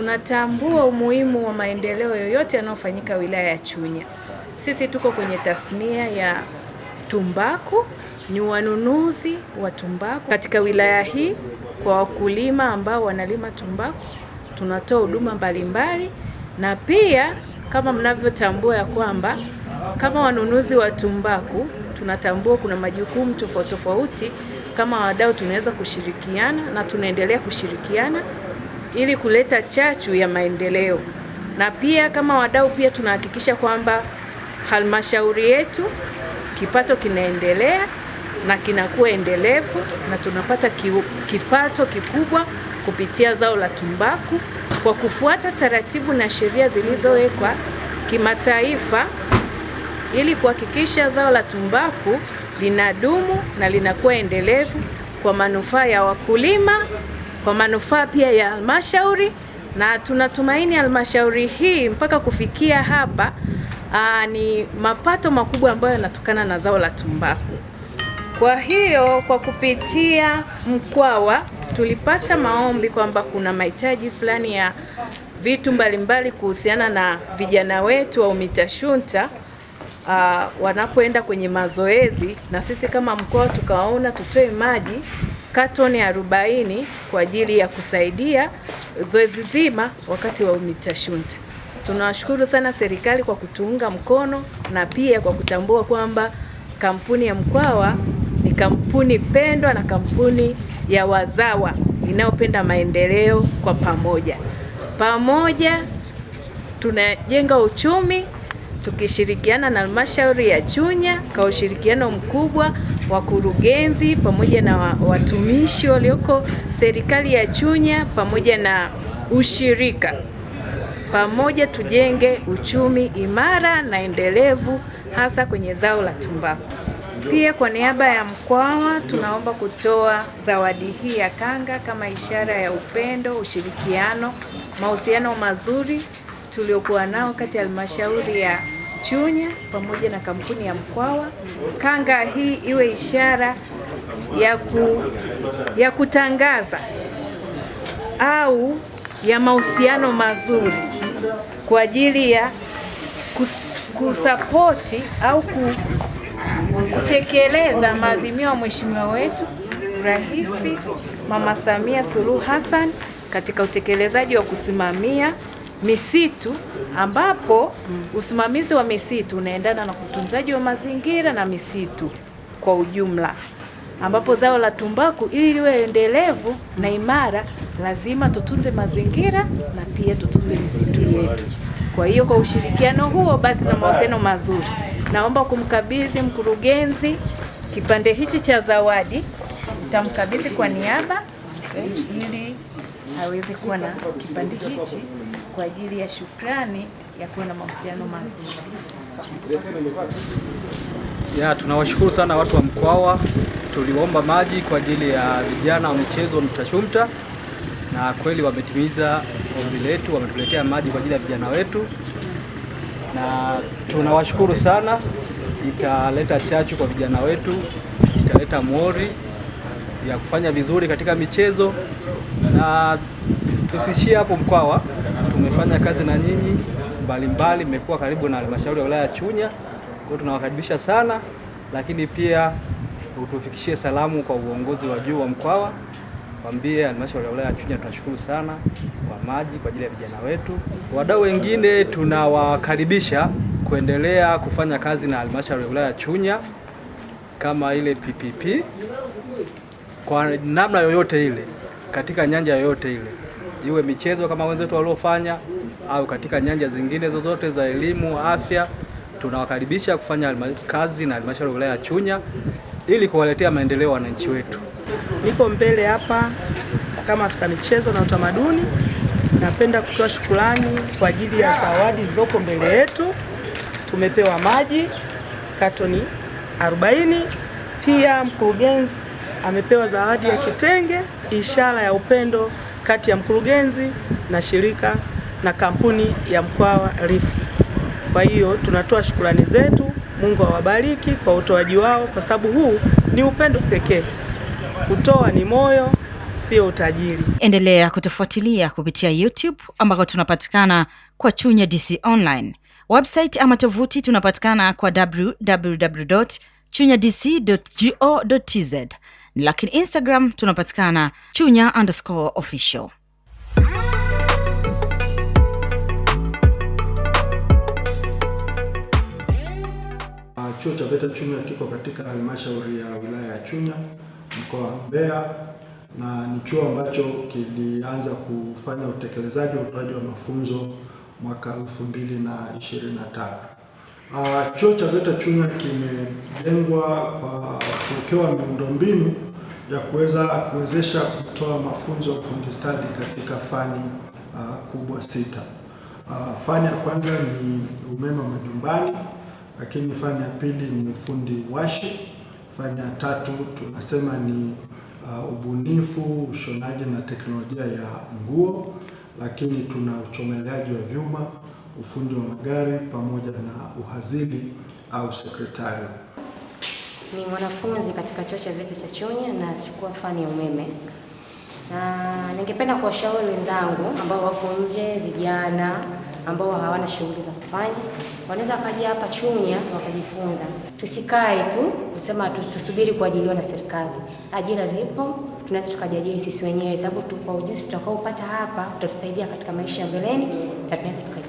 Tunatambua umuhimu wa maendeleo yoyote yanayofanyika wilaya ya Chunya. Sisi tuko kwenye tasnia ya tumbaku, ni wanunuzi wa tumbaku katika wilaya hii. Kwa wakulima ambao wanalima tumbaku, tunatoa huduma mbalimbali, na pia kama mnavyotambua ya kwamba kama wanunuzi wa tumbaku tunatambua kuna majukumu tofauti tofauti, kama wadau tunaweza kushirikiana na tunaendelea kushirikiana ili kuleta chachu ya maendeleo. Na pia kama wadau pia tunahakikisha kwamba halmashauri yetu kipato kinaendelea na kinakuwa endelevu na tunapata kipato kikubwa kupitia zao la tumbaku kwa kufuata taratibu na sheria zilizowekwa kimataifa ili kuhakikisha zao la tumbaku linadumu na linakuwa endelevu kwa manufaa ya wakulima kwa manufaa pia ya halmashauri, na tunatumaini halmashauri hii mpaka kufikia hapa aa, ni mapato makubwa ambayo yanatokana na zao la tumbaku. Kwa hiyo kwa kupitia Mkwawa tulipata maombi kwamba kuna mahitaji fulani ya vitu mbalimbali kuhusiana na vijana wetu wa UMITASHUNTA uh, wanapoenda kwenye mazoezi, na sisi kama mkoa tukaona tutoe maji katoni arobaini kwa ajili ya kusaidia zoezi zima wakati wa UMITASHUNTA. Tunawashukuru sana serikali kwa kutuunga mkono na pia kwa kutambua kwamba kampuni ya Mkwawa ni kampuni pendwa na kampuni ya wazawa inayopenda maendeleo kwa pamoja. Pamoja tunajenga uchumi tukishirikiana na halmashauri ya Chunya kwa ushirikiano mkubwa wakurugenzi pamoja na watumishi walioko serikali ya Chunya pamoja na ushirika. Pamoja tujenge uchumi imara na endelevu hasa kwenye zao la tumbaku. Pia kwa niaba ya Mkwawa tunaomba kutoa zawadi hii ya kanga kama ishara ya upendo, ushirikiano, mahusiano mazuri tuliokuwa nao kati ya halmashauri ya Chunya pamoja na kampuni ya Mkwawa. Kanga hii iwe ishara ya, ku, ya kutangaza au ya mahusiano mazuri kwa ajili ya kus, kusapoti au kutekeleza maazimio ya mheshimiwa wetu Rais Mama Samia Suluhu Hassan katika utekelezaji wa kusimamia misitu ambapo usimamizi wa misitu unaendana na utunzaji wa mazingira na misitu kwa ujumla, ambapo zao la tumbaku ili liwe endelevu na imara lazima tutunze mazingira na pia tutunze misitu yetu. Kwa hiyo kwa ushirikiano huo basi na mahusiano mazuri, naomba kumkabidhi mkurugenzi kipande hichi cha zawadi, tamkabidhi kwa niaba wote ili aweze kuwa na kipande hichi kwa ajili ya shukrani ya kuwa na mahusiano mazuri. Ya, tunawashukuru sana watu wa Mkwawa. Tuliomba maji kwa ajili ya vijana wa michezo Mtashumta, na kweli wametimiza ombi letu, wametuletea maji kwa ajili ya vijana wetu, na tunawashukuru sana. Italeta chachu kwa vijana wetu, italeta mori ya kufanya vizuri katika michezo, na tusiishie hapo. Mkwawa tumefanya kazi na nyinyi mbalimbali, mmekuwa karibu na halmashauri ya wilaya ya Chunya, kwa hiyo tunawakaribisha sana, lakini pia utufikishie salamu kwa uongozi wa juu wa Mkwawa, kwambie halmashauri ya wilaya ya Chunya tunashukuru sana kwa maji kwa ajili ya vijana wetu. Wadau wengine tunawakaribisha kuendelea kufanya kazi na halmashauri ya wilaya ya Chunya kama ile PPP kwa namna yoyote ile, katika nyanja yoyote ile, iwe michezo kama wenzetu waliofanya, au katika nyanja zingine zozote za elimu, afya, tunawakaribisha kufanya kazi na halmashauri ya wilaya ya Chunya ili kuwaletea maendeleo wananchi wetu. Niko mbele hapa kama afisa michezo na utamaduni. Napenda kutoa shukurani kwa ajili ya zawadi zilizoko mbele yetu. Tumepewa maji katoni 40, pia mkurugenzi amepewa zawadi ya kitenge, ishara ya upendo kati ya mkurugenzi na shirika na kampuni ya Mkwawa Reef. Kwa hiyo tunatoa shukurani zetu, Mungu awabariki kwa utoaji wao, kwa sababu huu ni upendo pekee. Kutoa ni moyo, sio utajiri. Endelea kutufuatilia kupitia YouTube ambako tunapatikana kwa Chunya DC Online website ama tovuti tunapatikana kwa www.chunyadc.go.tz lakini Instagram tunapatikana chunya underscore official. Ah, chuo cha VETA Chunya kiko katika halmashauri ya wilaya ya Chunya mkoa wa Mbeya na ni chuo ambacho kilianza kufanya utekelezaji wa utoaji wa mafunzo mwaka 2023. Ah, chuo cha VETA Chunya kimejengwa kwa kuwekewa miundombinu ya kuweza kuwezesha kutoa mafunzo ya ufundi stadi katika fani uh, kubwa sita. Uh, fani ya kwanza ni umeme wa majumbani, lakini fani ya pili ni ufundi washi, fani ya tatu tunasema ni uh, ubunifu, ushonaji na teknolojia ya nguo, lakini tuna uchomeleaji wa vyuma, ufundi wa magari pamoja na uhazili au sekretari. Ni mwanafunzi katika chuo cha VETA cha Chunya na nachukua fani ya umeme, na ningependa kuwashauri wenzangu ambao wako nje, vijana ambao hawana shughuli za kufanya, wanaweza wakaja hapa Chunya wakajifunza. Tusikae tu kusema tusubiri kuajiliwa na serikali. Ajira zipo, tunaweza tukajiajiri sisi wenyewe, sababu kwa ujuzi tutakaopata hapa utatusaidia katika maisha ya mbeleni na tunaweza